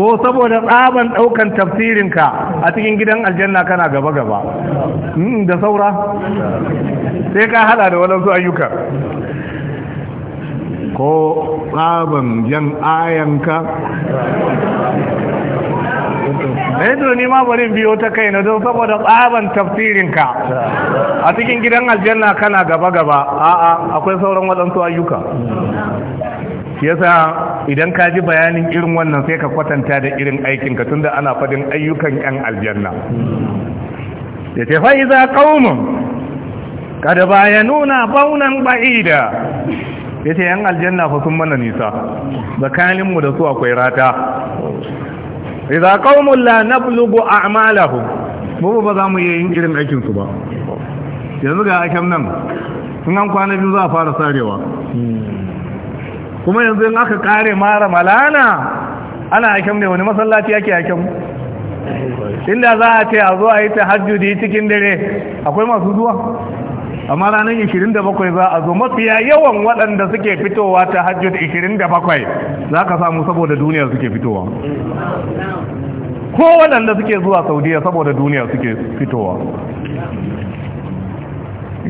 ko saboda tsaban ɗaukan tafsirinka a cikin gidan aljanna kana gaba-gaba hmm, da saura sai ka hada da waɗansu ayyuka ko tsaban yan ayanka yanzu eh, ni ma bari biyo ta kai na don saboda tsaban tafsirinka a cikin gidan aljanna kana gaba-gaba a'a akwai sauran waɗansu ayyuka yasa idan ka ji bayanin irin wannan sai ka kwatanta da irin aikinka tunda ana fadin ayyukan 'yan aljanna Ya ce fa'iza qaumun kada bayanuna baunan ba'ida ya ce 'yan aljanna fa sun mana nisa tsakaninmu da su akwai rata iza qaumun la na bulugu a ba za mu yi yin irin aikinsu ba yanzu ga ashen nan sun an kwana biyu za a fara sarewa kuma yanzu in aka kare mara malana ana aikin ne wani masallaci yake aikin inda za a ce a zo a yi ta hajjudi cikin dare akwai masu zuwa amma ranar 27 za a zo mafiya yawan waɗanda suke fitowa ta da 27 za ka samu saboda duniya suke fitowa ko waɗanda suke zuwa saudiya saboda duniya suke fitowa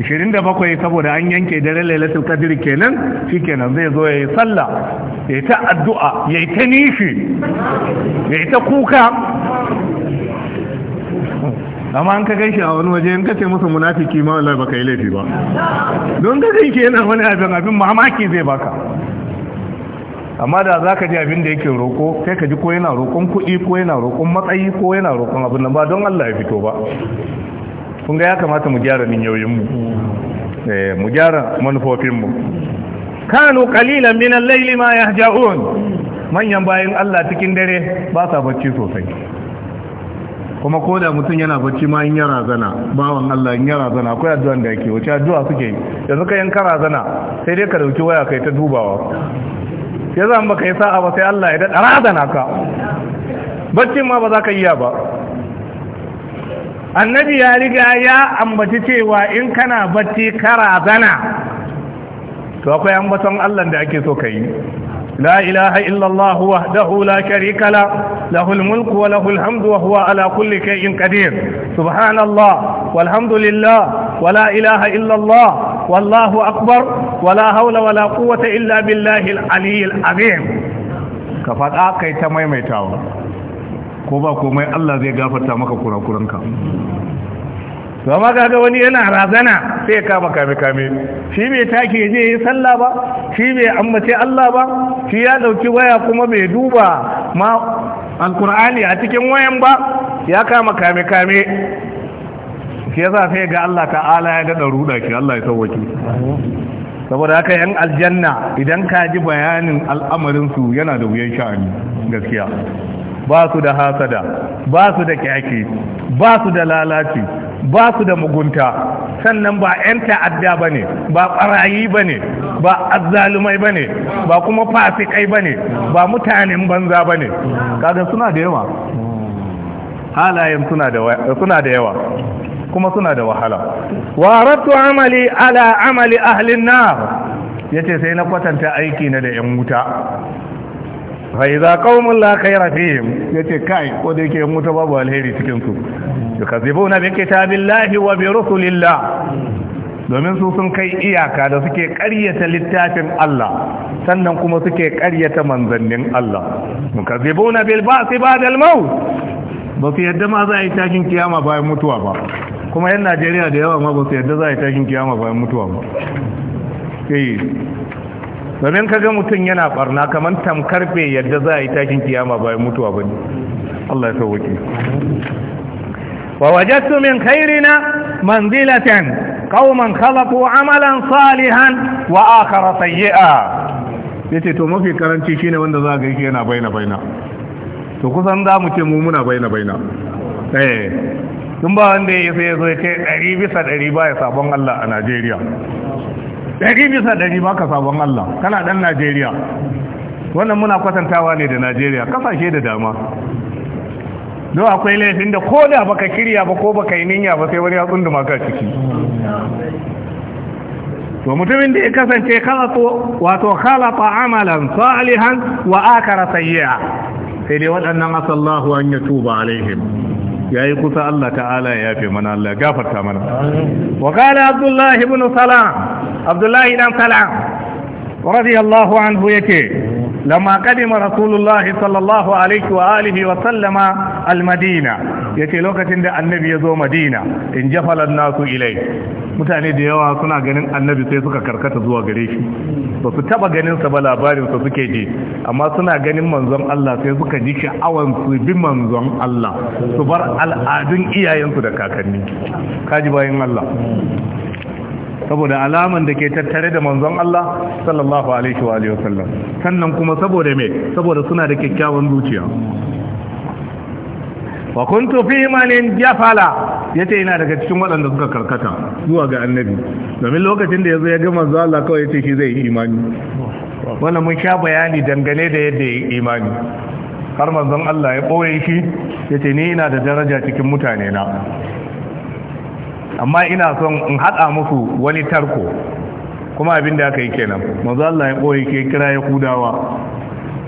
27 saboda an yanke dare lailatul qadr kenan shikenan zai zo yayi sallah yi ta addu'a yi ta nishi yi ta kuka amma an ka gan shi a wani waje in ce musu munafiki ma wallahi baka yi laifi ba don ka gan ke yana wani abin abin mamaki zai baka amma da za ka ji abin da yake roko sai ka ji ko yana roƙon kuɗi ko yana roƙon matsayi ko yana roƙon abin nan ba don Allah ya fito ba kun ga ya kamata mu gyara ninyoyinmu eh, mu gyara manufofinmu kanu qalilan min al-layli ma yahja'un manyan bayin Allah cikin dare ba sa bacci sosai kuma ko da mutum yana bacci ma in yara zana bawan Allah in yara zana akwai addu'an da yake wace addu'a suke yi yanzu ka yanka zana sai dai ka dauki waya kai ta dubawa ya zan baka yi sa'a ba sai Allah ya dada razana ka baccin ma ba za ka ya ba annabi ya riga ya ambaci cewa in kana bacci karazana to akwai ambaton Allah da ake so kai la ilaha illallah wahdahu la sharika la lahul mulku wa lahul hamdu wa huwa ala kulli shay'in qadir subhanallah walhamdulillah wa la ilaha illallah wallahu akbar wa la hawla wa la quwwata illa billahi aliyyil azim ka faɗa kai ta maimaitawa ko ba komai Allah zai gafarta maka kurakuranka to amma kaga wani yana razana sai ya kama kame kame shi bai take je yi sallah ba shi bai ammace Allah ba shi ya dauki waya kuma bai duba ma alqur'ani a cikin wayan ba ya kama kame kame ke yasa sai ga Allah ta'ala ya dada ruda ki Allah ya sauwake saboda haka yan aljanna idan ka ji bayanin al'amarin su yana da wuyan sha'ani gaskiya ba su da hasada ba su da kyaki ba su da lalaci ba su da mugunta sannan ba 'yan ta'adda ba ne ba ɓarayi ba ne ba azzalumai ba ne ba kuma fasikai ba ne ba mutanen banza ba ne kaga suna da yawa halayen suna da yawa kuma suna da wahala waratu amali ala amali ahlin Ya yace sai na kwatanta aiki na da 'yan wuta fai za kawumin la khaira ya ce kai ko da yake mutu babu alheri cikin su su kazibu na bin kitabillahi wa bi rusulillah domin su sun kai iyaka da suke karyata littafin Allah sannan kuma suke karyata manzannin Allah su kazibu na bil ba'si ba'dal maut ba su yadda ma za a yi takin kiyama bayan mutuwa ba kuma yan Najeriya da yawa ma ba su yadda za a yi takin kiyama bayan mutuwa ba domin kaga mutum yana barna kamar tamkar bai yadda za a yi takin kiyama bayan mutuwa ba ne Allah ya sauwake wa wajattu min khairina manzilatan qauman khalaqu amalan salihan wa akhar sayyi'a yace to mafi karanci shine wanda za ga yake yana baina baina to kusan za mu ce mu muna baina baina eh tun ba wanda ya sai ya zo ya ce 100 bisa 100 ba ya sabon Allah a Najeriya ɗari bisa ɗari ba ka sabon Allah kana ɗan Najeriya wannan muna kwatantawa ne da Najeriya kasashe da dama don akwai laifin da ko da baka kirya ba ko baka yi ninya ba sai wani ya tsunduma ka ciki to mutumin da ya kasance kalato wato khalaqa amalan salihan wa akara sayyi'a sai dai waɗannan asallahu an tuba alaihim Ya yi kusa Allah ta'ala ya yafe mana Allah gafarta mana wa qala abdullah ibn salam abdullah ibn salam radiyallahu anhu yake لما قدم رسول الله صلى الله عليه وآله وسلم المدينة yace lokacin da annabi ya zo madina in الناس nasu ilai mutane da yawa suna ganin annabi sai suka karkata zuwa gare shi ba su taba ganin sa ba labarin sa suke ji amma suna ganin manzon Allah sai suka ji sha'awan su bi manzon Allah su bar al'adun iyayensu da kakanni kaji bayin Allah saboda alaman da ke tattare da manzon Allah sallallahu alaihi wa alihi wasallam sannan kuma saboda me saboda suna da kyakkyawan zuciya wa kuntu fi manin jafala yace ina daga cikin waɗanda suka karkata zuwa ga annabi domin lokacin da yazo ya ga manzo Allah kawai yace shi zai yi imani wannan mun sha bayani dangane da yadda ya imani har manzon Allah ya boye shi ya ce ni ina da daraja cikin mutane na amma ina son in hada musu wani tarko kuma abin da aka yi kenan manzo Allah ya boye ke kira ya kudawa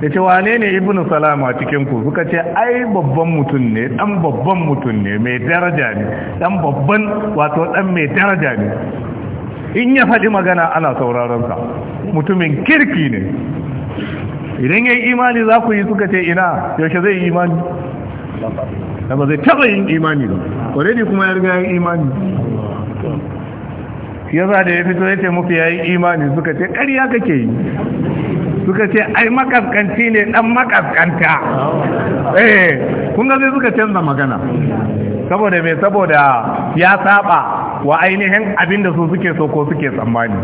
ya ce wane ne ibnu salama cikin ku suka ce ai babban mutum ne dan babban mutum ne mai daraja ne dan babban wato dan mai daraja ne in ya faɗi magana ana sauraron sa mutumin kirki ne idan yayi imani za ku yi suka ce ina yaushe zai yi imani ba zai taɓa yin imani ba ne kuma ya riga yin imani yasa da ya fito ya ce muku ya yi imani suka ce ƙarya kake yi suka ce ai makaskanci ne ɗan makaskanta eh kun ga sai suka canza magana saboda me saboda ya saba wa ainihin abinda su suke so ko suke tsammani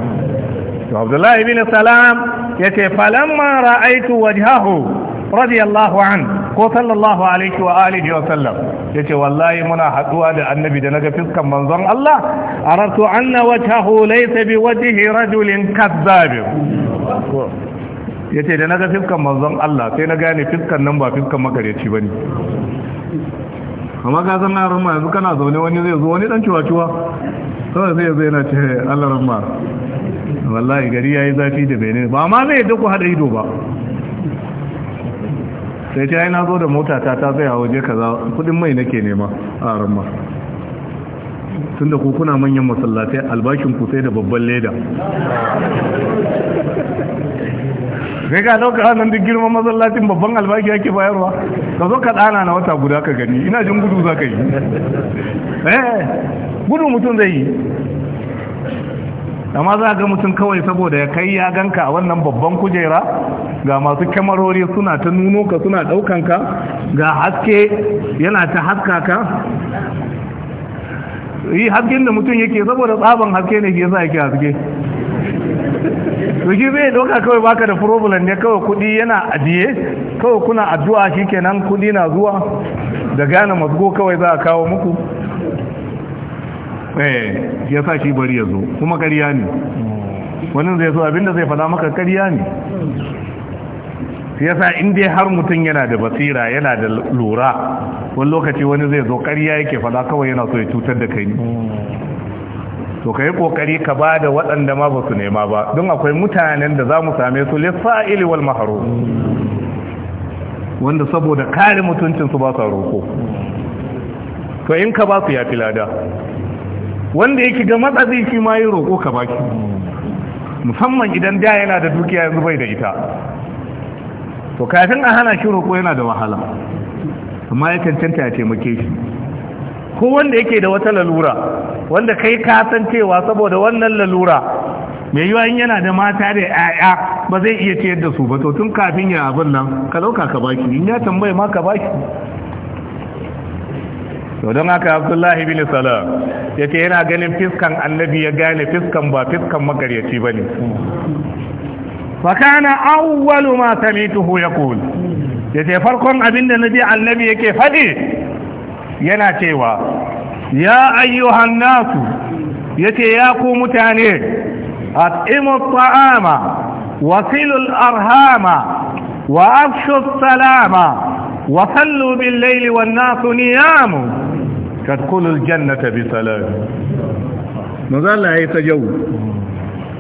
to Abdullahi bin Salam ya ce falamma ra'aitu wajhahu radiyallahu anhu ko sallallahu alaihi wa alihi wa sallam yace wallahi muna haduwa da annabi da naga fiskan manzon Allah aratu anna wajhahu laysa bi wajhi rajulin kadhab yace da naga fiskan manzon Allah sai na gane fiskan nan ba fiskan makareci bane amma ka san na ramma yanzu kana zaune wani zai zo wani dan ciwa-ciwa kawai zai zai na ce Allah ramma wallahi gari yayi zafi da bene ba ma zai yadda ku hada ido ba sai ce ai na zo da mota ta ta tsaya waje kaza kudin mai nake nema a ramma tunda ku kuna manyan masallatai albashin ku sai da babban leda sai ka dauka hannun duk girman masallatin babban albashi yake bayarwa ka zo ka tsana na wata guda ka gani ina jin gudu za ka yi eh gudu mutum zai yi amma za ga mutum kawai saboda ya kai ya ganka a wannan babban kujera ga masu kyamarori suna ta nuno ka suna daukanka ka ga haske yana ta haska ka yi hasken da mutum yake saboda tsaban haske ne ke sa yake haske suki zai doka kawai baka da furobulan ne kawai kudi yana ajiye kawai kuna addu'a kenan kudi na zuwa da gane mazgo kawai za a kawo muku eh ya sa shi bari ya zo kuma ne wani zai so abinda zai faɗa maka kariya ne yasa in dai har mutum yana da basira yana da lura wani lokaci wani zai zo kariya yake fada kawai yana so ya cutar da kai to ka kokari ka ba da waɗanda ma ba su nema ba don akwai mutanen da za mu same su lissa'ili wal maharo wanda saboda kare mutuncinsu ba sa roko to in ka ba su ya fi lada wanda yake ga matsazi shi ma yi roƙo ka baki musamman idan da yana da dukiya yanzu bai da ita to kafin a hana shi roƙo yana da wahala amma ya cancanta ya taimake shi ko wanda yake da wata lalura wanda kai kasancewa saboda wannan lalura mai yiwa in yana da mata da 'ya'ya ba zai iya ciyar da su ba to tun kafin ya abin nan ka ɗauka ka baki in ya tambaye ma ka baki to don haka abdullahi bin salam ya ce yana ganin fiskan annabi ya gane fiskan ba fiskan magaryaci ba ne fakana awwalu ma samituhu yaqul ya ce farkon abinda nabi annabi yake faɗi yana cewa ya ayyuhan nasu ya ce ya ku mutane at'imu ta'ama wasilul arhama wa afshu salama wa sallu bil laili wan nasu niyamu tadkulul jannata bi salam manzo Allah yayi sajau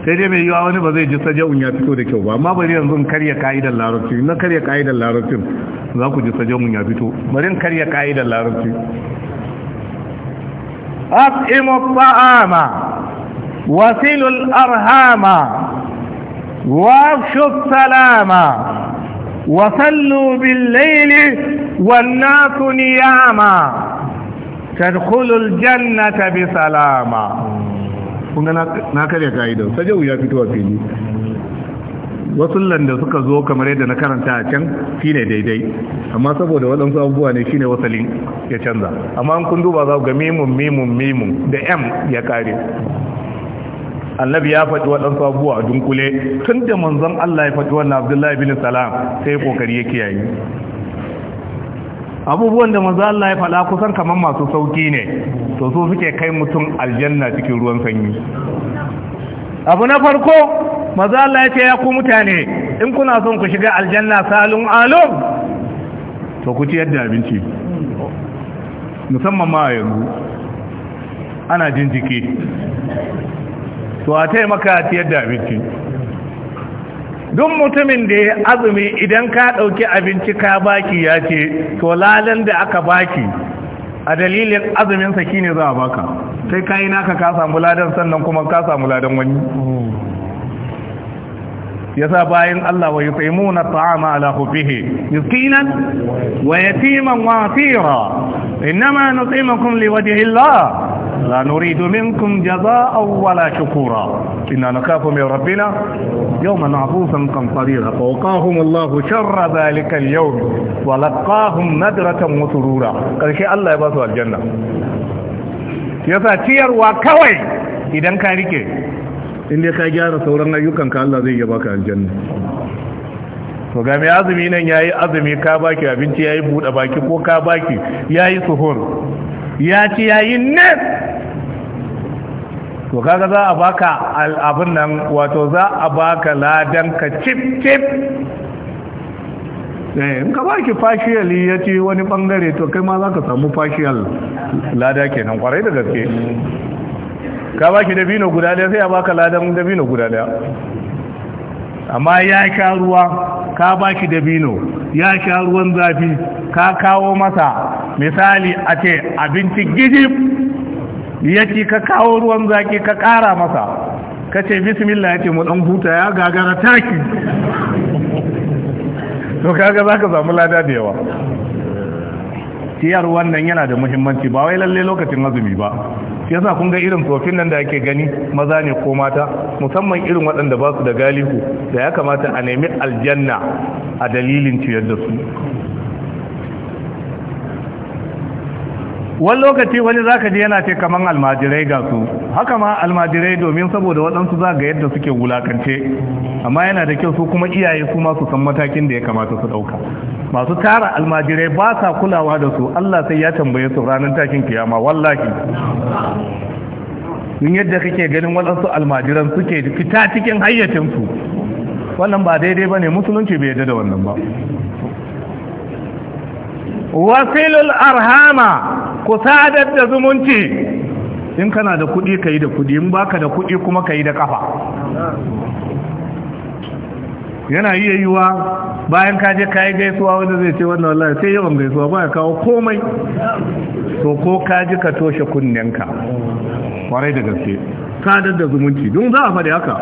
sai dai mai yiwa wani ba zai ji sajau ya fito da kyau ba amma bari yanzu in karya ka'idar larabci na karya ka'idar larabci za ku ji sajau ya fito bari in karya ka'idar larabci أطعموا الطعام وصلوا الأرهام وافشوا السلام وصلوا بالليل والناس نياما tadkhulul jannata bi salama kun ga na karya ka'idar sajau ya fito a fili wasu landa suka zo kamar yadda na karanta a can shine daidai amma saboda waɗansu abubuwa ne shine wasalin ya canza amma an kun duba za ga mimun mimun mimun da m ya kare annabi ya faɗi waɗansu abubuwa a dunkule tun da manzon Allah ya faɗi wannan Abdullahi bin Salam sai kokari ya kiyaye abubuwan da maza Allah ya faɗa kusan kamar masu sauki ne to su suke kai mutum aljanna cikin ruwan sanyi abu na farko maza Allah ya ce ya ku mutane in kuna son ku shiga aljanna salun alum to ku ci yadda abinci musamman ma yanzu ana jin jiki to a taimaka ci yadda abinci duk mutumin da ya azumi idan ka ɗauki abinci ka baki ya ce to lalan da aka baki a dalilin azuminsa saki ne za a baka sai ka yi naka ka samu ladan sannan kuma ka samu ladan wani Ya sa bayan Allah wa yutsimuna ta'ama ala hubbihi miskinan wa yatiman wa asira inma nutimukum liwajhi Allah لا نريد منكم جزاء ولا شكورا إنا نخاف من ربنا يوما عبوسا قمطريرا فوقاهم الله شر ذلك اليوم ولقاهم ندرة وسرورا قال شيء الله يباسوا الجنة يساتير وكوي إذا كان لك إن دي خيجار سورنا يكن كالله ذي يباك الجنة to ga mai azumi nan yayi azumi ka baki abinci yayi buɗe baki ko ka baki yayi suhur ya ci yayi net to kaga za a baka abin nan wato za a baka ladan ka cip cip eh, in ka baki fashiyal ya ci wani bangare to kai ma za ka samu fashiyal lada kenan kwarai da gaske ka baki bino guda daya sai a baka ladan da bino guda daya amma ya sha ruwa ka baki bino ya sha ruwan zafi ka kawo masa misali a ce abinci gijib ya ka kawo ruwan zaki ka kara masa ka ce bismillah ya mu dan huta ya gagara taki to kaga za samu lada da yawa ciyar wannan yana da muhimmanci ba wai lalle lokacin azumi ba yasa kun ga irin tsofin nan da ake gani maza ne ko mata musamman irin waɗanda ba su da galihu da ya kamata a nemi aljanna a dalilin ciyar da su wani lokaci wani za ka ji yana ce kaman almajirai ga su haka ma almajirai domin saboda waɗansu za ga yadda suke wulakance amma yana da kyau su kuma iyaye su ma su san matakin da ya kamata su ɗauka masu tara almajirai ba sa kulawa da su Allah sai ya tambaye su ranar takin kiyama wallahi in yadda kake ganin waɗansu almajiran suke fita cikin hayyacinsu wannan ba daidai ba ne musulunci bai yadda da wannan ba wasilul arhama ku sadar da zumunci in kana da kuɗi ka yi da kuɗi in baka da kuɗi kuma ka yi da kafa yana iya yiwuwa bayan kaje kayi gaisuwa wanda zai ce wannan wallahi sai yawan gaisuwa ba kawo komai to ko ka ka toshe kunnenka kwarai da gaske sadar da zumunci don za a faɗi haka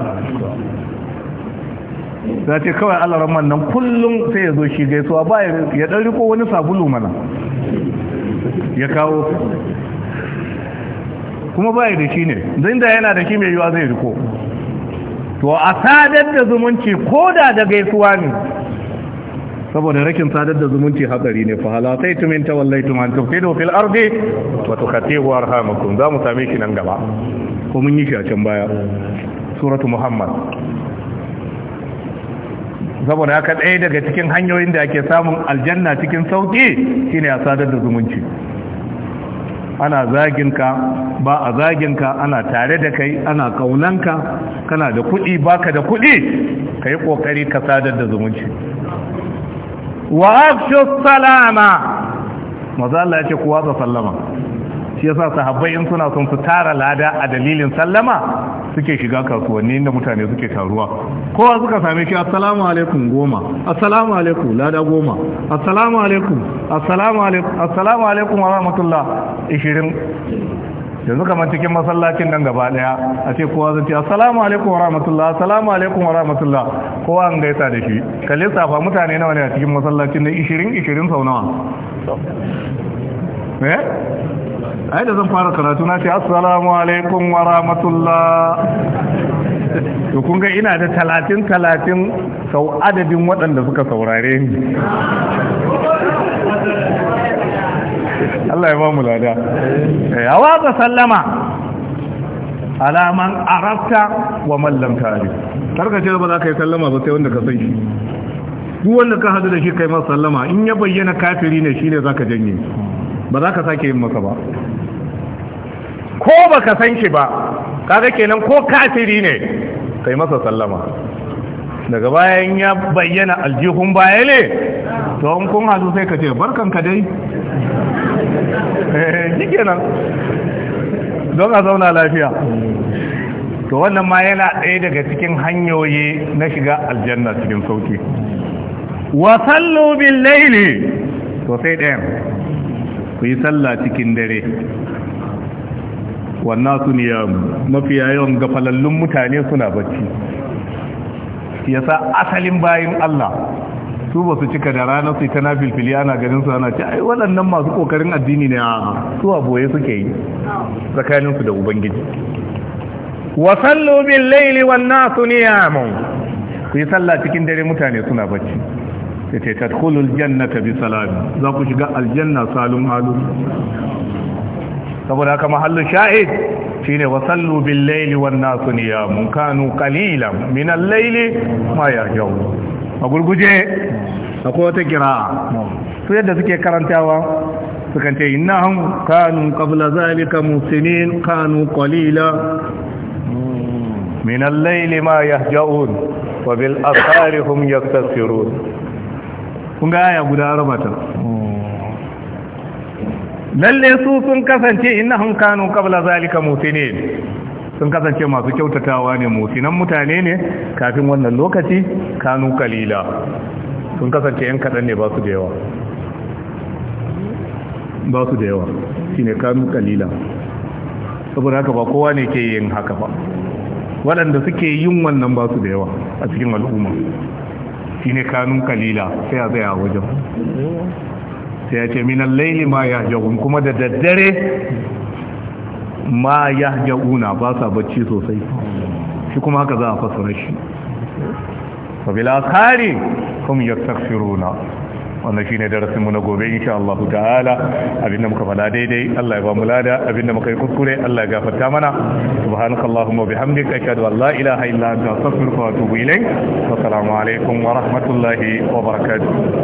za ce kawai alaran nan kullum sai ya zo shi gaisuwa ba ya ɗan riko wani sabulu mana ya kawo kuma ba da shi ne zai da yana da shi mai yiwa zai riko to a sadar da zumunci ko da da gaisuwa ne saboda rakin sadar da zumunci hatsari ne fa halatai tumin ta wallai tuman tufkido fil ardi wa tukatihu arhamakum za mu same shi nan gaba ko mun yi shi a can baya suratu muhammad saboda haka ɗaya daga cikin hanyoyin da ake samun aljanna cikin sauƙi shine a sadar da zumunci ana zaginka ba a zaginka ana tare da kai ana kaunanka kana da kuɗi baka da kuɗi ka yi ƙoƙari ka sadar da zumunci wa afshu salama maza Allah ya ce kuwa ta sallama shi yasa sahabbai in suna son su tara lada a dalilin sallama suke shiga kasuwanni inda mutane suke taruwa kowa suka same ki assalamu alaikum goma assalamu alaikum lada goma assalamu alaikum assalamu alaikum assalamu alaikum wa rahmatullah 20 yanzu kamar cikin masallacin nan gaba daya a ce kowa zai ce assalamu alaikum wa rahmatullah assalamu alaikum wa rahmatullah kowa an gaisa da shi kalle safa mutane nawa ne a cikin masallacin nan 20 20 sau nawa eh ai da zan fara karatu na ce assalamu alaikum wa rahmatullah to kun ga ina da talatin talatin sau adadin waɗanda suka saurare ni Allah ya ba mu lada ya eh, watsa sallama alaman arabta wa mallam tare karkace ba za ka yi sallama ba sai wanda ka san shi duk wanda ka hadu da shi kai masa sallama in ya bayyana kafiri ne shine ka janye ba za ka sake yin masa ba ko ba ka san shi ba kaga kenan ko kafiri ne kai masa sallama daga bayan ya bayyana aljihun baya ne to an kun hadu sai ka ce barkanka dai eh nan don a zauna lafiya to wannan ma yana ɗaya daga cikin hanyoyi na shiga aljanna cikin sauki wa sallu bil laili to sai ɗayan ku yi sallah cikin dare wannan su ne mafi yawan gafalallun mutane suna bacci yasa asalin bayan Allah su ba su cika da ranar su ta nafilfili ana ganin su ana ce ai waɗannan masu ƙoƙarin addini ne a su aboye suke yi tsakaninsu da ubangiji wasallu bin laili wannan su ne ku yi sallah cikin dare mutane suna bacci ta ce tadkhulul jannata bi salam za ku shiga aljanna salum halu saboda haka mahallin shahid shine wasallu bin laili wa nasu mun kanu kalilan minan laili ma ya yau a gurguje akwai ta kira su yadda suke karantawa sukan ce innahum kanu kabla zalika musulmin kanu kalila Minan laili ma ya yau wa bil asharihum yaktasirun kun ga ya guda rabata lalle su sun kasance innahum kanu qabla zalika mutinin sun kasance masu kyautatawa ne musinan mutane ne kafin wannan lokaci kanu kalila sun kasance yan kadan ne ba su da yawa ba su da yawa shine kanu kalila saboda haka ba kowa ne ke yin haka ba waɗanda suke yin wannan ba su da yawa a cikin al'umma shine kanun kalila sai a tsaya wajen sai ya ce minan laili ma ya jagun kuma da daddare ma ya jaguna ba sa bacci sosai shi kuma haka za a fasara shi sabila kari kuma ya tafsiruna wannan shi ne darasinmu na gobe insha Allah ta'ala abinda muka fada daidai Allah ya ba mu lada abinda muka yi kuskure Allah ya gafarta mana subhanakallahumma bihamdika ashhadu an la ilaha illa anta astaghfiruka wa atubu ilayk assalamu alaikum wa rahmatullahi wa barakatuh